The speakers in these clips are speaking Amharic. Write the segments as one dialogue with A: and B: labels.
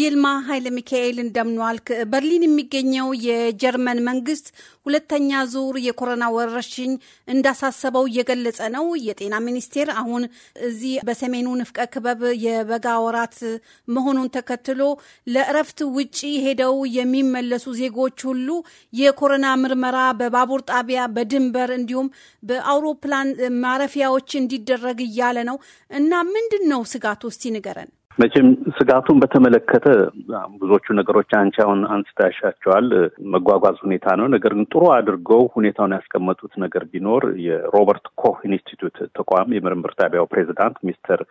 A: ይልማ ኃይለ ሚካኤል እንደምንዋልክ። በርሊን የሚገኘው የጀርመን መንግስት ሁለተኛ ዙር የኮሮና ወረርሽኝ እንዳሳሰበው እየገለጸ ነው። የጤና ሚኒስቴር አሁን እዚህ በሰሜኑ ንፍቀ ክበብ የበጋ ወራት መሆኑን ተከትሎ ለእረፍት ውጪ ሄደው የሚመለሱ ዜጎች ሁሉ የኮሮና ምርመራ በባቡር ጣቢያ፣ በድንበር እንዲሁም በአውሮፕላን ማረፊያዎች እንዲደረግ እያለ ነው እና ምንድን ነው ስጋት ውስጥ ይንገረን።
B: መቼም ስጋቱን በተመለከተ ብዙዎቹ ነገሮች አንቺ አሁን አንስታ ያሻቸዋል መጓጓዝ ሁኔታ ነው። ነገር ግን ጥሩ አድርገው ሁኔታውን ያስቀመጡት ነገር ቢኖር የሮበርት ኮህ ኢንስቲትዩት ተቋም የምርምር ጣቢያው ፕሬዚዳንት ሚስተር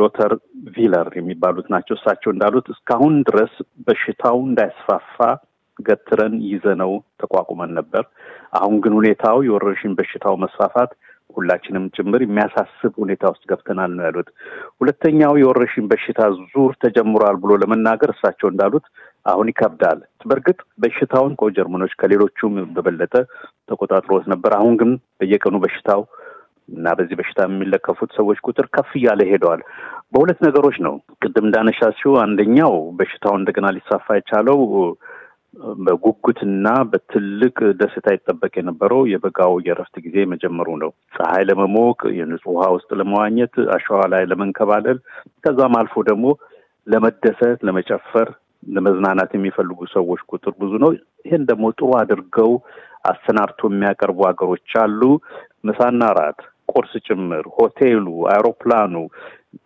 B: ሎተር ቪለር የሚባሉት ናቸው። እሳቸው እንዳሉት እስካሁን ድረስ በሽታው እንዳይስፋፋ ገትረን ይዘነው ተቋቁመን ነበር። አሁን ግን ሁኔታው የወረርሽኝ በሽታው መስፋፋት ሁላችንም ጭምር የሚያሳስብ ሁኔታ ውስጥ ገብተናል ነው ያሉት። ሁለተኛው የወረርሽኝ በሽታ ዙር ተጀምሯል ብሎ ለመናገር እሳቸው እንዳሉት አሁን ይከብዳል። በእርግጥ በሽታውን እኮ ጀርመኖች ከሌሎቹም በበለጠ ተቆጣጥሮት ነበር። አሁን ግን በየቀኑ በሽታው እና በዚህ በሽታ የሚለከፉት ሰዎች ቁጥር ከፍ እያለ ሄደዋል። በሁለት ነገሮች ነው ቅድም እንዳነሻ አንደኛው በሽታው እንደገና ሊሳፋ የቻለው በጉጉትና በትልቅ ደስታ ይጠበቅ የነበረው የበጋው የእረፍት ጊዜ መጀመሩ ነው። ፀሐይ ለመሞቅ፣ የንጹህ ውሃ ውስጥ ለመዋኘት፣ አሸዋ ላይ ለመንከባለል፣ ከዛም አልፎ ደግሞ ለመደሰት፣ ለመጨፈር፣ ለመዝናናት የሚፈልጉ ሰዎች ቁጥር ብዙ ነው። ይህን ደግሞ ጥሩ አድርገው አሰናድቶ የሚያቀርቡ ሀገሮች አሉ። ምሳና ራት፣ ቁርስ ጭምር፣ ሆቴሉ፣ አይሮፕላኑ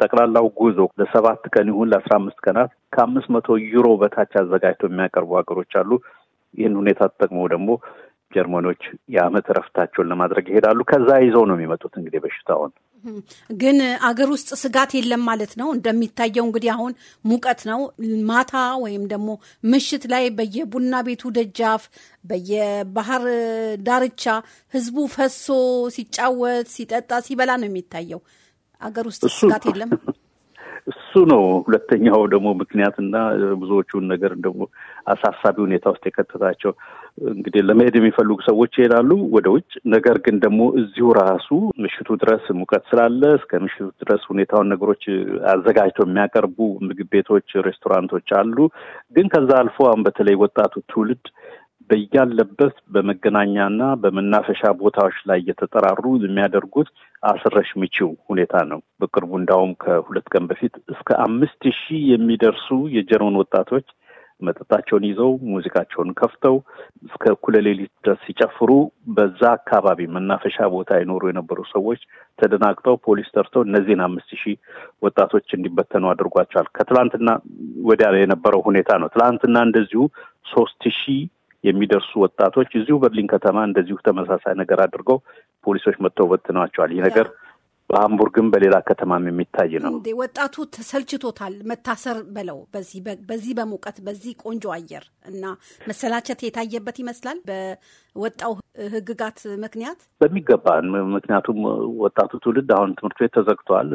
B: ጠቅላላው ጉዞ ለሰባት ቀን ይሁን ለአስራ አምስት ቀናት ከአምስት መቶ ዩሮ በታች አዘጋጅተው የሚያቀርቡ ሀገሮች አሉ። ይህን ሁኔታ ተጠቅመው ደግሞ ጀርመኖች የአመት እረፍታቸውን ለማድረግ ይሄዳሉ። ከዛ ይዘው ነው የሚመጡት። እንግዲህ በሽታውን
A: ግን አገር ውስጥ ስጋት የለም ማለት ነው። እንደሚታየው እንግዲህ አሁን ሙቀት ነው። ማታ ወይም ደግሞ ምሽት ላይ በየቡና ቤቱ ደጃፍ፣ በየባህር ዳርቻ ህዝቡ ፈሶ ሲጫወት፣ ሲጠጣ፣ ሲበላ ነው የሚታየው። አገር ውስጥ ስጋት የለም።
B: እሱ ነው ሁለተኛው ደግሞ ምክንያትና ብዙዎቹን ነገር ደግሞ አሳሳቢ ሁኔታ ውስጥ የከተታቸው። እንግዲህ ለመሄድ የሚፈልጉ ሰዎች ይሄዳሉ ወደ ውጭ። ነገር ግን ደግሞ እዚሁ ራሱ ምሽቱ ድረስ ሙቀት ስላለ እስከ ምሽቱ ድረስ ሁኔታውን ነገሮች አዘጋጅተው የሚያቀርቡ ምግብ ቤቶች፣ ሬስቶራንቶች አሉ። ግን ከዛ አልፎ አሁን በተለይ ወጣቱ ትውልድ በያለበት በመገናኛና በመናፈሻ ቦታዎች ላይ እየተጠራሩ የሚያደርጉት አስረሽ ምችው ሁኔታ ነው። በቅርቡ እንዳውም ከሁለት ቀን በፊት እስከ አምስት ሺህ የሚደርሱ የጀርመን ወጣቶች መጠጣቸውን ይዘው ሙዚቃቸውን ከፍተው እስከ እኩለ ሌሊት ድረስ ሲጨፍሩ በዛ አካባቢ መናፈሻ ቦታ ይኖሩ የነበሩ ሰዎች ተደናግጠው ፖሊስ ጠርተው እነዚህን አምስት ሺህ ወጣቶች እንዲበተኑ አድርጓቸዋል። ከትላንትና ወዲያ የነበረው ሁኔታ ነው። ትላንትና እንደዚሁ ሶስት ሺህ የሚደርሱ ወጣቶች እዚሁ በርሊን ከተማ እንደዚሁ ተመሳሳይ ነገር አድርገው ፖሊሶች መጥተው በትነዋቸዋል። ይህ ነገር በሀምቡርግም በሌላ ከተማም የሚታይ ነው።
A: ወጣቱ ተሰልችቶታል። መታሰር በለው በዚህ በሙቀት በዚህ ቆንጆ አየር እና መሰላቸት የታየበት ይመስላል በወጣው ህግጋት ምክንያት
B: በሚገባ ምክንያቱም ወጣቱ ትውልድ አሁን ትምህርት ቤት ተዘግቷል።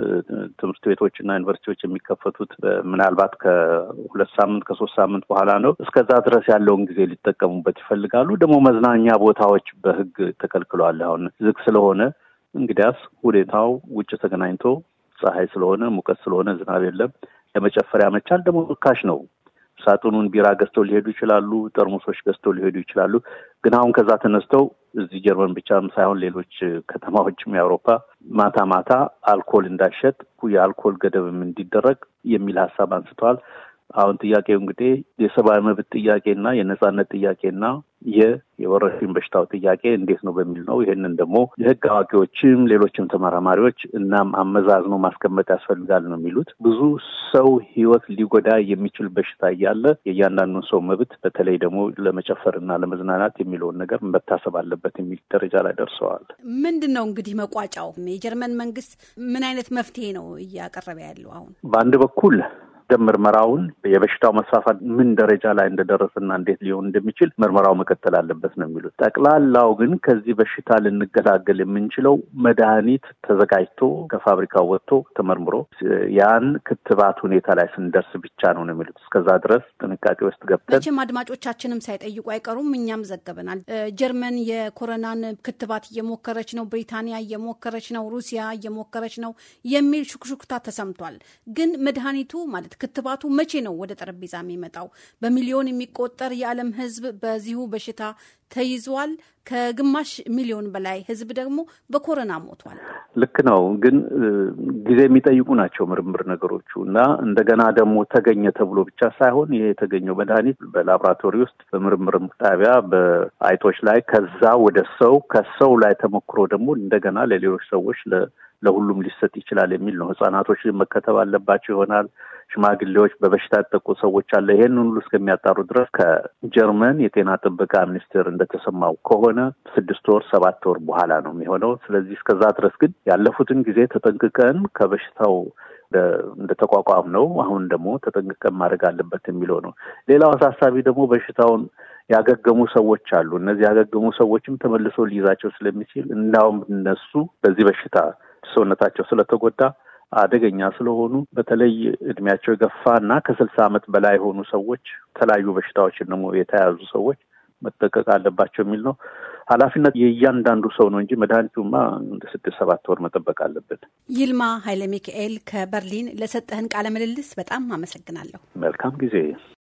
B: ትምህርት ቤቶችና ዩኒቨርሲቲዎች የሚከፈቱት ምናልባት ከሁለት ሳምንት ከሶስት ሳምንት በኋላ ነው። እስከዛ ድረስ ያለውን ጊዜ ሊጠቀሙበት ይፈልጋሉ። ደግሞ መዝናኛ ቦታዎች በህግ ተከልክሏል። አሁን ዝግ ስለሆነ እንግዲያስ ሁኔታው ውጭ ተገናኝቶ ፀሐይ ስለሆነ ሙቀት ስለሆነ ዝናብ የለም ለመጨፈሪያ መቻል ደግሞ ርካሽ ነው። ሳጥኑን ቢራ ገዝተው ሊሄዱ ይችላሉ። ጠርሙሶች ገዝተው ሊሄዱ ይችላሉ። ግን አሁን ከዛ ተነስተው እዚህ ጀርመን ብቻም ሳይሆን ሌሎች ከተማዎችም የአውሮፓ ማታ ማታ አልኮል እንዳይሸጥ የአልኮል ገደብም እንዲደረግ የሚል ሀሳብ አንስተዋል። አሁን ጥያቄው እንግዲህ የሰብአዊ መብት ጥያቄና የነጻነት ጥያቄና የወረርሽኝ በሽታው ጥያቄ እንዴት ነው በሚል ነው። ይህንን ደግሞ የህግ አዋቂዎችም ሌሎችም ተመራማሪዎች እናም አመዛዝኖ ማስቀመጥ ያስፈልጋል ነው የሚሉት። ብዙ ሰው ህይወት ሊጎዳ የሚችል በሽታ እያለ የእያንዳንዱን ሰው መብት በተለይ ደግሞ ለመጨፈር እና ለመዝናናት የሚለውን ነገር መታሰብ አለበት የሚል ደረጃ ላይ ደርሰዋል።
A: ምንድን ነው እንግዲህ መቋጫው? የጀርመን መንግስት ምን አይነት መፍትሄ ነው እያቀረበ ያለው? አሁን
B: በአንድ በኩል የማስገብ ምርመራውን የበሽታው መስፋፋት ምን ደረጃ ላይ እንደደረሰና እንዴት ሊሆን እንደሚችል ምርመራው መቀጠል አለበት ነው የሚሉት። ጠቅላላው ግን ከዚህ በሽታ ልንገላገል የምንችለው መድኃኒት ተዘጋጅቶ ከፋብሪካው ወጥቶ ተመርምሮ ያን ክትባት ሁኔታ ላይ ስንደርስ ብቻ ነው ነው የሚሉት። እስከዛ ድረስ ጥንቃቄ ውስጥ ገብተን መቼም
A: አድማጮቻችንም ሳይጠይቁ አይቀሩም። እኛም ዘግበናል። ጀርመን የኮረናን ክትባት እየሞከረች ነው፣ ብሪታንያ እየሞከረች ነው፣ ሩሲያ እየሞከረች ነው የሚል ሹክሹክታ ተሰምቷል። ግን መድኃኒቱ ማለት አለበት? ክትባቱ መቼ ነው ወደ ጠረጴዛ የሚመጣው? በሚሊዮን የሚቆጠር የዓለም ሕዝብ በዚሁ በሽታ ተይዟል። ከግማሽ ሚሊዮን በላይ ሕዝብ ደግሞ በኮረና ሞቷል።
B: ልክ ነው፣ ግን ጊዜ የሚጠይቁ ናቸው ምርምር ነገሮቹ እና እንደገና ደግሞ ተገኘ ተብሎ ብቻ ሳይሆን ይህ የተገኘው መድኃኒት በላቦራቶሪ ውስጥ በምርምር ጣቢያ በአይጦች ላይ ከዛ ወደ ሰው ከሰው ላይ ተሞክሮ ደግሞ እንደገና ለሌሎች ሰዎች ለሁሉም ሊሰጥ ይችላል የሚል ነው። ህጻናቶች መከተብ አለባቸው ይሆናል። ሽማግሌዎች፣ በበሽታ ያጠቁ ሰዎች አለ። ይሄን ሁሉ እስከሚያጣሩ ድረስ ከጀርመን የጤና ጥበቃ ሚኒስቴር እንደተሰማው ከሆነ ስድስት ወር ሰባት ወር በኋላ ነው የሚሆነው። ስለዚህ እስከዛ ድረስ ግን ያለፉትን ጊዜ ተጠንቅቀን ከበሽታው እንደተቋቋም ነው። አሁን ደግሞ ተጠንቅቀን ማድረግ አለበት የሚለው ነው። ሌላው አሳሳቢ ደግሞ በሽታውን ያገገሙ ሰዎች አሉ። እነዚህ ያገገሙ ሰዎችም ተመልሶ ሊይዛቸው ስለሚችል እንዳውም እነሱ በዚህ በሽታ ሰውነታቸው ስለተጎዳ አደገኛ ስለሆኑ በተለይ እድሜያቸው የገፋ እና ከስልሳ ዓመት በላይ የሆኑ ሰዎች የተለያዩ በሽታዎችን ደግሞ የተያዙ ሰዎች መጠቀቅ አለባቸው የሚል ነው። ኃላፊነት የእያንዳንዱ ሰው ነው እንጂ መድኃኒቱማ እንደ ስድስት ሰባት ወር መጠበቅ አለብን።
A: ይልማ ኃይለ ሚካኤል ከበርሊን ለሰጠህን ቃለ ምልልስ በጣም አመሰግናለሁ።
B: መልካም ጊዜ